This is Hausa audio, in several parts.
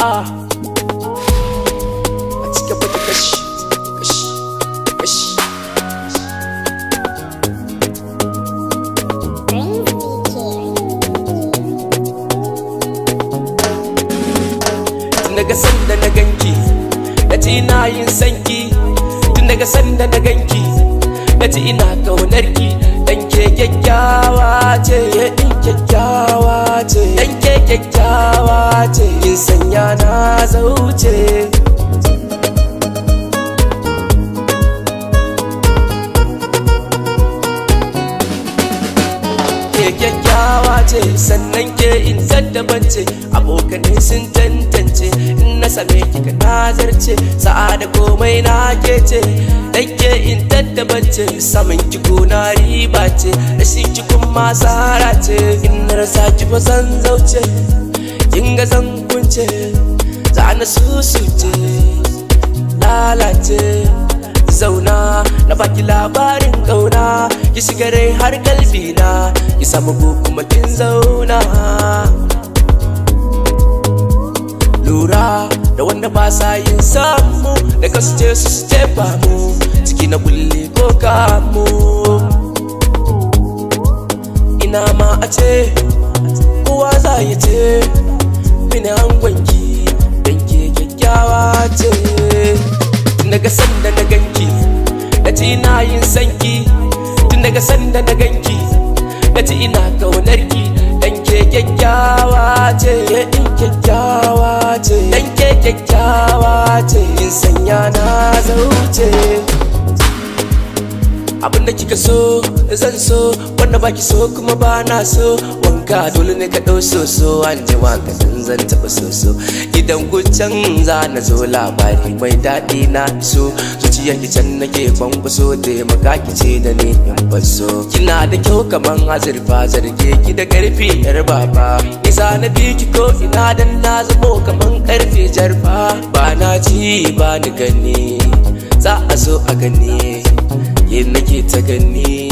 a ah. cike baki kashi kashi kashi daga sanda na ganki na ji ina yin sanki tun daga sanda na ganki na ji ina kaunarki dan ke kyakkyawa ce dan kyakkyawa ce kyakkyawa ce sanyana sanya na zauce kyakkyawa ce sannan ke in zaddabance abokanai sun tantance in na same ki ka nazarce sa'a da komai na ke ce ke in taddabance saman ki na riba ce rashin ki kuma ce fa san zauce kin ga san kunce za na susuce lalace zauna na baki labarin kauna ki shiga rai har kalbi na ki samu kuma kin zauna lura da wanda ba sa yin samu da kasu ce su ce ba mu ciki na bulle ko kamu ina ma a ce uwa za ya ce mini angwanki don ke kyakkyawa ce tun daga sanda na ganki da ci ina yin sanki tun daga sanda na ganki da ci ina kaunarki don ke kyakkyawa ce in kyakkyawa ce don ke kyakkyawa ce in sanya na zauce abinda kika so zan so wanda baki so kuma ba na so ka dole ne ka ɗau soso an ji wanka zan taɓa soso gidan gucan za na zo labari mai daɗi na so zuciyar can nake kwankwaso taimaka ki ce da ni in baso kina da kyau kaman azurfa zarge ki da ƙarfi yar baba isa na bi ki ko ina dan na zamo kaman ƙarfe jarfa ba na ci ba ni gani za a zo a gani yin nake ta gani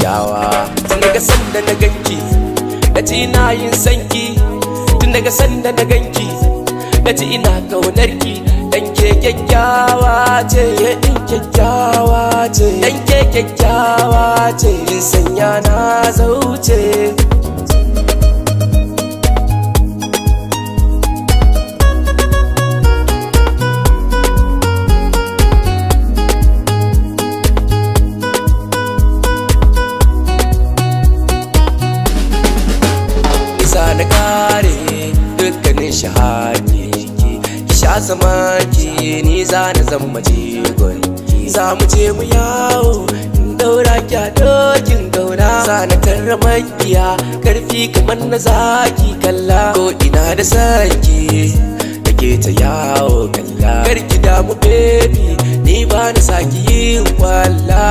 kyakkyawa tun daga sanda na ganki na ci ina yin sanki tun daga sanda na ganki na ci ina kaunarki dan ke kyakkyawa ce ya din kyakkyawa ce dan ke kyakkyawa ce yin sanya na zauce na kare dukkanin shahaki sha ki ni za na zan mace gwanki za mu je mu yawo in daura ki a dokin gauna za na tarra makiya karfi kamar na zaki kalla ko ina da saki take ta yawo kalla karki damu baby ni ba na saki yin kwalla